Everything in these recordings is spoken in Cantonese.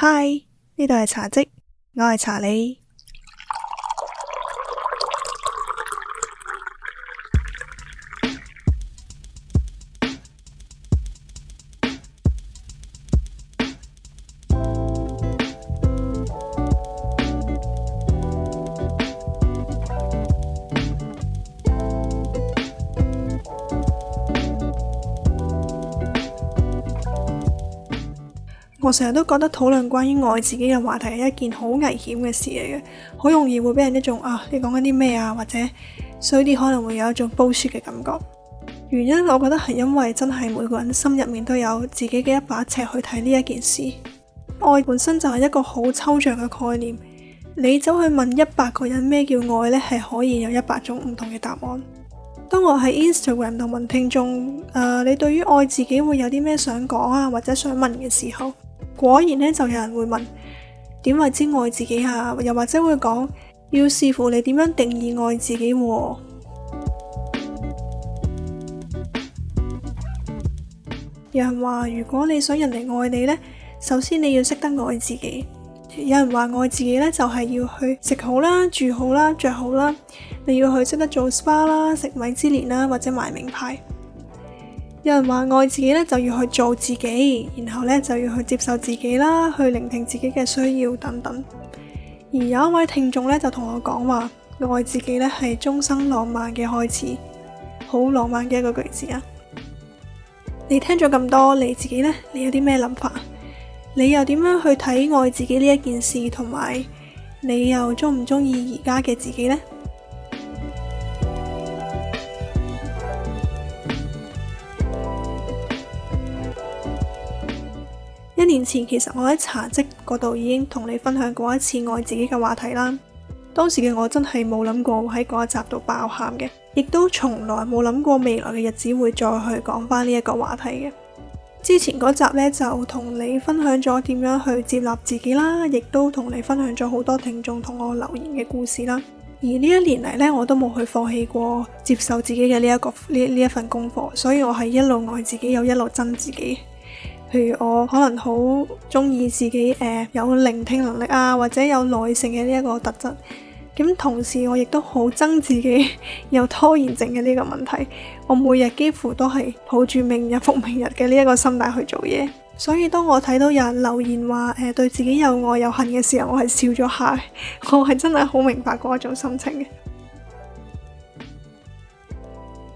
嗨，呢度係茶嘖，我係茶你。我成日都覺得討論關於愛自己嘅話題係一件好危險嘅事嚟嘅，好容易會俾人一種啊你講緊啲咩啊，或者衰啲可能會有一種暴雪嘅感覺。原因我覺得係因為真係每個人心入面都有自己嘅一把尺去睇呢一件事。愛本身就係一個好抽象嘅概念，你走去問一百個人咩叫愛呢，係可以有一百種唔同嘅答案。當我喺 Instagram 度問聽眾誒、呃，你對於愛自己會有啲咩想講啊，或者想問嘅時候。果然咧，就有人會問點為之愛自己啊？又或者會講要視乎你點樣定義愛自己。有人話如果你想人嚟愛你呢，首先你要識得愛自己。有人話愛自己呢，就係要去食好啦、住好啦、着好啦，你要去識得做 spa 啦、食米芝蓮啦，或者買名牌。有人話愛自己咧，就要去做自己，然後咧，就要去接受自己啦，去聆聽自己嘅需要等等。而有一位聽眾咧就同我講話，愛自己咧係終生浪漫嘅開始，好浪漫嘅一個句子啊！你聽咗咁多，你自己呢，你有啲咩諗法？你又點樣去睇愛自己呢一件事？同埋你又中唔中意而家嘅自己呢？之前其實我喺茶嘖嗰度已經同你分享過一次愛自己嘅話題啦。當時嘅我真係冇諗過喺嗰一集度爆喊嘅，亦都從來冇諗過未來嘅日子會再去講返呢一個話題嘅。之前嗰集呢，就同你分享咗點樣去接納自己啦，亦都同你分享咗好多聽眾同我留言嘅故事啦。而呢一年嚟呢，我都冇去放棄過接受自己嘅呢一個呢呢一份功課，所以我係一路愛自己又一路憎自己。譬如我可能好中意自己，誒、呃、有聆聽能力啊，或者有耐性嘅呢一個特質。咁同時我亦都好憎自己有拖延症嘅呢個問題。我每日幾乎都係抱住明日復明日嘅呢一個心態去做嘢。所以當我睇到有人留言話，誒、呃、對自己又愛又恨嘅時候，我係笑咗下， 我係真係好明白嗰一種心情嘅。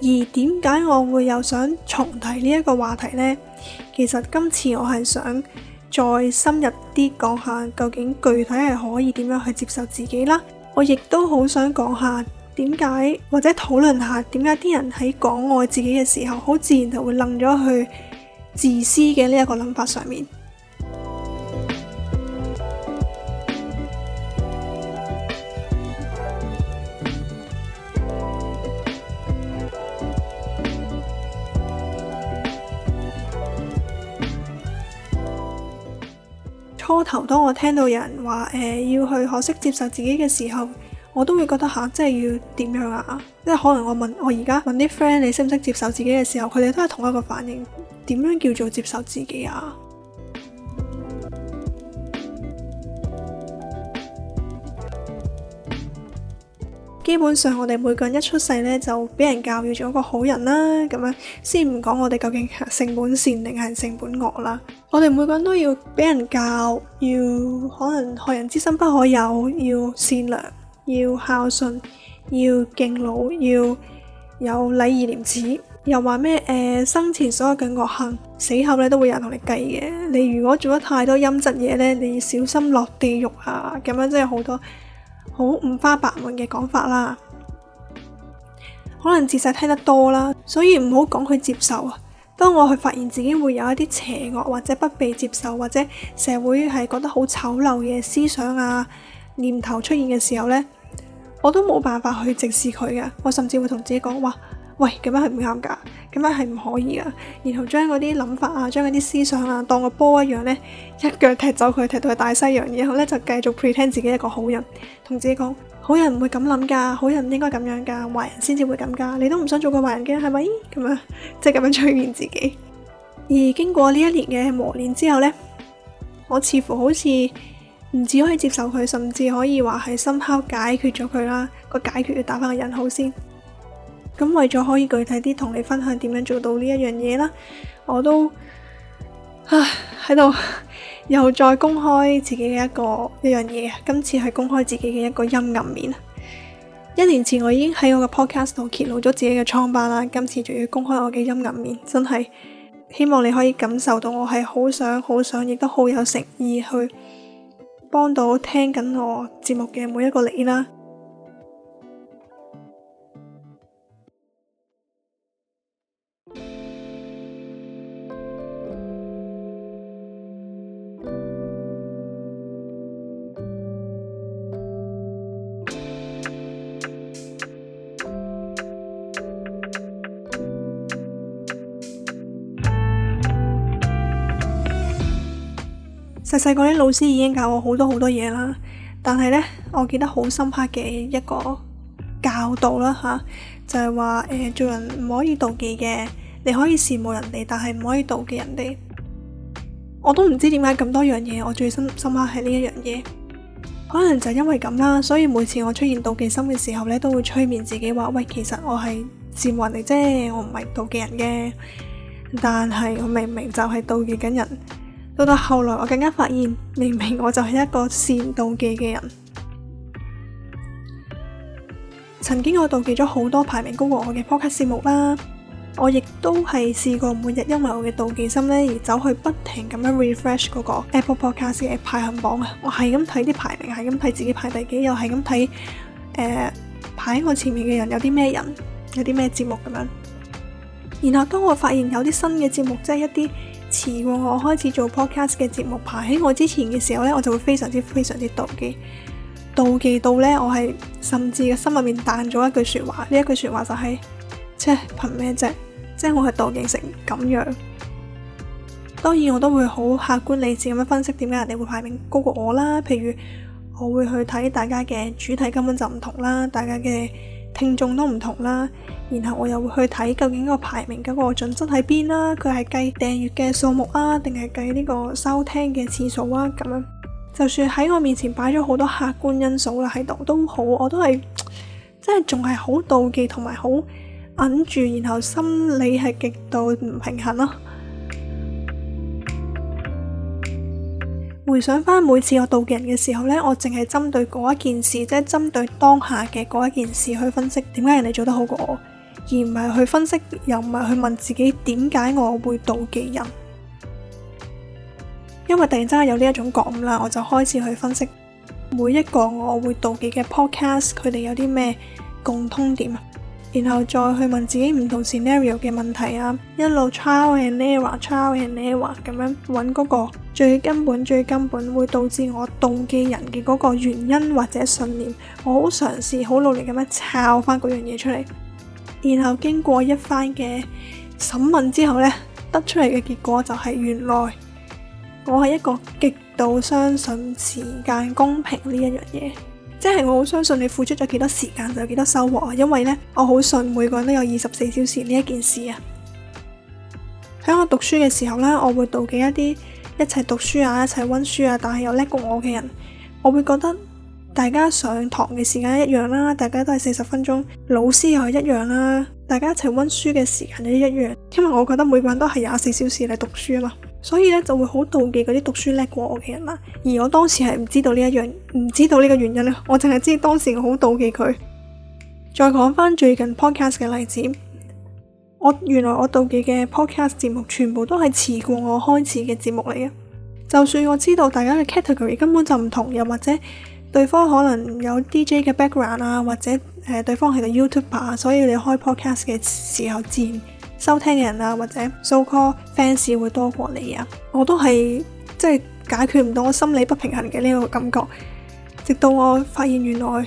而點解我會有想重提呢一個話題呢？其實今次我係想再深入啲講下，究竟具體係可以點樣去接受自己啦？我亦都好想講下點解，或者討論下點解啲人喺講愛自己嘅時候，好自然就會楞咗去自私嘅呢一個諗法上面。初頭，當我聽到有人話誒、呃、要去學識接受自己嘅時候，我都會覺得吓，即、啊、係要點樣啊？即係可能我問，我而家問啲 friend，你識唔識接受自己嘅時候，佢哋都係同一個反應。點樣叫做接受自己啊？基本上，我哋每個人一出世呢，就俾人教育做一個好人啦。咁樣先唔講我哋究竟係性本善定係性本惡啦。我哋每個人都要俾人教，要可能害人之心不可有，要善良，要孝順，要敬老，要有禮義廉恥。又話咩？誒、呃，生前所有嘅惡行，死後咧都會有人同你計嘅。你如果做得太多陰質嘢咧，你小心落地獄啊！咁樣真係好多好五花八門嘅講法啦。可能自細聽得多啦，所以唔好講去接受啊。當我去發現自己會有一啲邪惡或者不被接受，或者社會係覺得好醜陋嘅思想啊、念頭出現嘅時候呢，我都冇辦法去直視佢嘅。我甚至會同自己講：「哇，喂，咁樣係唔啱㗎，咁樣係唔可以㗎。然後將嗰啲諗法啊，將嗰啲思想啊，當個波一樣呢，一腳踢走佢，踢到去大西洋，然後呢，就繼續 pretend 自己一個好人，同自己講。好人唔會咁諗噶，好人唔應該咁樣噶，壞人先至會咁噶。你都唔想做個壞人嘅，係咪？咁樣即係咁樣催眠自己。而經過呢一年嘅磨練之後呢，我似乎好似唔止可以接受佢，甚至可以話係深刻解決咗佢啦。個解決要打翻個引號先。咁為咗可以具體啲同你分享點樣做到呢一樣嘢啦，我都唉。喺度 又再公開自己嘅一個一樣嘢，今次係公開自己嘅一個陰暗面。一年前我已經喺我嘅 podcast 度揭露咗自己嘅瘡疤啦，今次仲要公開我嘅陰暗面，真係希望你可以感受到我係好想、好想，亦都好有誠意去幫到聽緊我節目嘅每一個你啦。細細個啲老師已經教我好多好多嘢啦，但係呢，我記得好深刻嘅一個教導啦吓、啊，就係話誒，做人唔可以妒忌嘅，你可以羨慕人哋，但係唔可以妒忌人哋。我都唔知點解咁多樣嘢，我最深深刻係呢一樣嘢，可能就因為咁啦。所以每次我出現妒忌心嘅時候呢，都會催眠自己話：喂，其實我係羨慕人哋啫，我唔係妒忌人嘅。但係我明明就係妒忌緊人。到到後來，我更加發現，明明我就係一個善妒忌嘅人。曾經我妒忌咗好多排名高過我嘅 Podcast 節目啦，我亦都係試過每日因為我嘅妒忌心咧而走去不停咁樣 refresh 嗰個 Apple Podcast 嘅排行榜啊！我係咁睇啲排名，係咁睇自己排第幾，又係咁睇誒排喺我前面嘅人有啲咩人，有啲咩節目咁樣。然後當我發現有啲新嘅節目，即係一啲遲過我開始做 podcast 嘅節目排喺我之前嘅時候呢，我就會非常之非常之妒忌，妒忌到呢，我係甚至嘅心入面彈咗一句說話，呢一句說話就係是，即係憑咩啫？即係我係妒忌成咁樣。當然我都會好客觀理智咁樣分析，點解人哋會排名高過我啦？譬如我會去睇大家嘅主題根本就唔同啦，大家嘅。聽眾都唔同啦，然後我又會去睇，究竟個排名究竟個準則喺邊啦，佢係計訂閱嘅數目啊，定係計呢個收聽嘅次數啊，咁樣就算喺我面前擺咗好多客觀因素啦喺度都好，我都係真係仲係好妒忌同埋好忍住，然後心理係極度唔平衡咯。回想翻，每次我妒忌人嘅時候呢，我淨係針對嗰一件事，即係針對當下嘅嗰一件事去分析，點解人哋做得好過我，而唔係去分析，又唔係去問自己點解我會妒忌人。因為突然間，有呢一種覺悟啦，我就開始去分析每一個我會妒忌嘅 podcast，佢哋有啲咩共通點啊，然後再去問自己唔同 scenario 嘅問題啊，一路 trial and error, trial and error 咁樣揾嗰個。最根本、最根本會導致我妒忌人嘅嗰個原因或者信念，我好嘗試、好努力咁樣抄返嗰樣嘢出嚟。然後經過一番嘅審問之後咧，得出嚟嘅結果就係原來我係一個極度相信時間公平呢一樣嘢，即係我好相信你付出咗幾多時間就有幾多收穫啊！因為咧，我好信每個人都有二十四小時呢一件事啊。喺我讀書嘅時候咧，我會妒忌一啲。一齊讀書啊，一齊溫書啊，但係又叻過我嘅人，我會覺得大家上堂嘅時間一樣啦，大家都係四十分鐘，老師又係一樣啦，大家一齊溫書嘅時間都一樣，因為我覺得每個人都係廿四小時嚟讀書啊嘛，所以咧就會好妒忌嗰啲讀書叻過我嘅人啦、啊。而我當時係唔知道呢一樣，唔知道呢個原因啦，我淨係知當時我好妒忌佢。再講翻最近 podcast 嘅例子。我原來，我妒忌嘅 podcast 節目全部都係遲過我開始嘅節目嚟嘅，就算我知道大家嘅 category 根本就唔同，又或者對方可能有 DJ 嘅 background 啊，或者誒、呃、對方係個 YouTuber 啊，所以你開 podcast 嘅時候，自然收聽嘅人啊，或者 so call fans 會多過你啊，我都係即係解決唔到我心理不平衡嘅呢個感覺，直到我發現原來。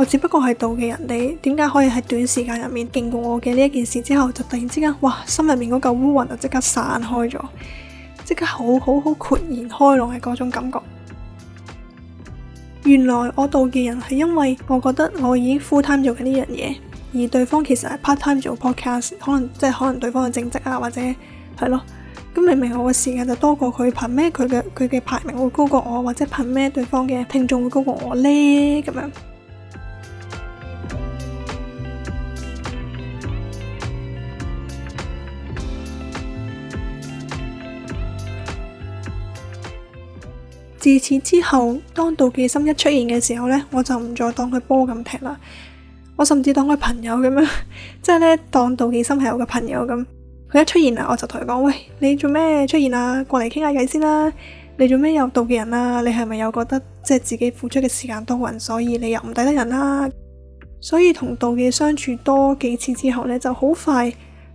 我只不過係妒忌人哋，點解可以喺短時間入面勁過我嘅呢一件事之後，就突然之間，哇，心入面嗰嚿烏雲就即刻散開咗，即刻好好好豁然開朗嘅嗰種感覺。原來我妒忌人係因為我覺得我已經 full time 做緊呢樣嘢，而對方其實係 part time 做 podcast，可能即係可能對方嘅正職啊，或者係咯，咁明明我嘅時間就多過佢，憑咩佢嘅佢嘅排名會高過我，或者憑咩對方嘅聽眾會高過我呢？咁樣。自此之後，當妒忌心一出現嘅時候呢，我就唔再當佢波咁踢啦。我甚至當佢朋友咁樣，即係呢，當妒忌心係我嘅朋友咁。佢一出現啦，我就同佢講：喂，你做咩出現啊？過嚟傾下偈先啦。你做咩又妒忌人啊？你係咪又覺得即係自己付出嘅時間多過人，所以你又唔抵得人啦、啊？所以同妒忌相處多幾次之後呢，就好快。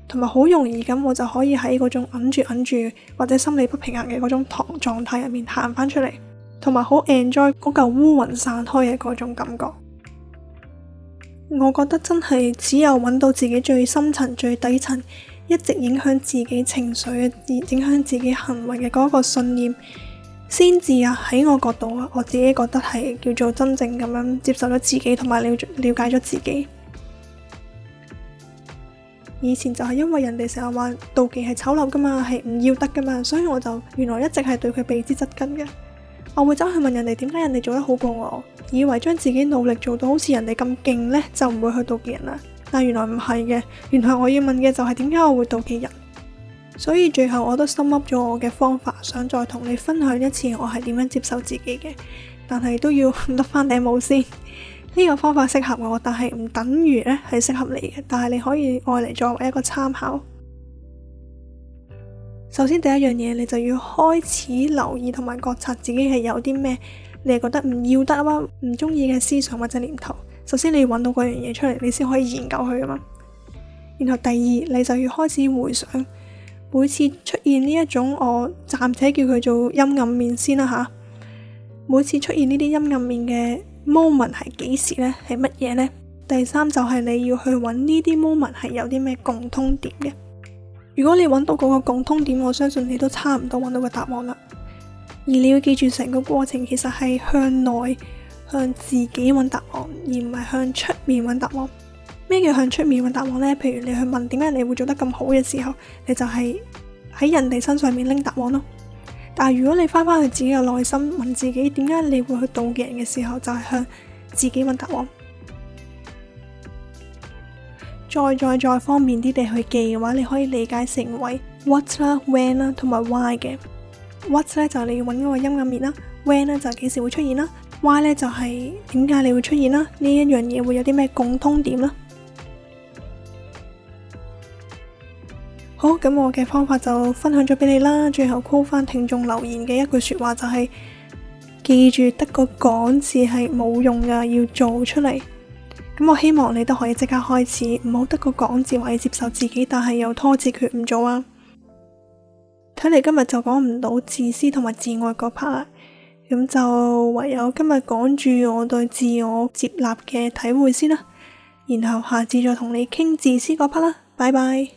同埋好容易咁，我就可以喺嗰種忍住忍住或者心理不平衡嘅嗰種糖狀態入面行翻出嚟，同埋好 enjoy 嗰嚿烏雲散開嘅嗰種感覺。我覺得真係只有揾到自己最深層、最底層一直影響自己情緒、而影影響自己行為嘅嗰個信念，先至啊喺我角度啊，我自己覺得係叫做真正咁樣接受咗自己同埋了了解咗自己。以前就係因為人哋成日話妒忌係醜陋噶嘛，係唔要得噶嘛，所以我就原來一直係對佢避之則吉嘅。我會走去問人哋點解人哋做得好過我，以為將自己努力做到好似人哋咁勁呢，就唔會去妒忌人啦。但原來唔係嘅，原來我要問嘅就係點解我會妒忌人。所以最後我都深屈咗我嘅方法，想再同你分享一次我係點樣接受自己嘅，但係都要甩翻頂帽先。呢個方法適合我，但係唔等於咧係適合你嘅。但係你可以愛嚟作為一個參考。首先第一樣嘢，你就要開始留意同埋覺察自己係有啲咩，你係覺得唔要得啊，唔中意嘅思想或者念頭。首先你要揾到嗰樣嘢出嚟，你先可以研究佢啊嘛。然後第二，你就要開始回想每次出現呢一種，我暫且叫佢做陰暗面先啦吓。每次出現呢啲陰暗面嘅 moment 係幾時呢？係乜嘢呢？第三就係你要去揾呢啲 moment 係有啲咩共通點嘅。如果你揾到嗰個共通點，我相信你都差唔多揾到個答案啦。而你要記住成個過程其實係向內向自己揾答案，而唔係向出面揾答案。咩叫向出面揾答案呢？譬如你去問點解你會做得咁好嘅時候，你就係喺人哋身上面拎答案咯。但如果你翻返去自己嘅內心問自己點解你會去妒忌人嘅時候，就係、是、向自己問答案。再再再方便啲地去記嘅話，你可以理解成為 what 啦、就是、when 啦同埋 why 嘅 what 咧就係你要揾嗰個陰暗面啦，when 咧就係幾時會出現啦，why 咧就係點解你會出現啦？呢一樣嘢會有啲咩共通點啦？好咁，我嘅方法就分享咗俾你啦。最後 call 翻聽眾留言嘅一句說話就係、是、 記住得個講字係冇用噶，要做出嚟。咁我希望你都可以即刻開始，唔好得個講字話要接受自己，但係又拖字決唔做啊。睇嚟 今日就講唔到自私同埋自愛嗰 part 啦，咁就唯有今日講住我對自我接納嘅體會先啦。然後下次再同你傾自私嗰 part 啦。拜拜。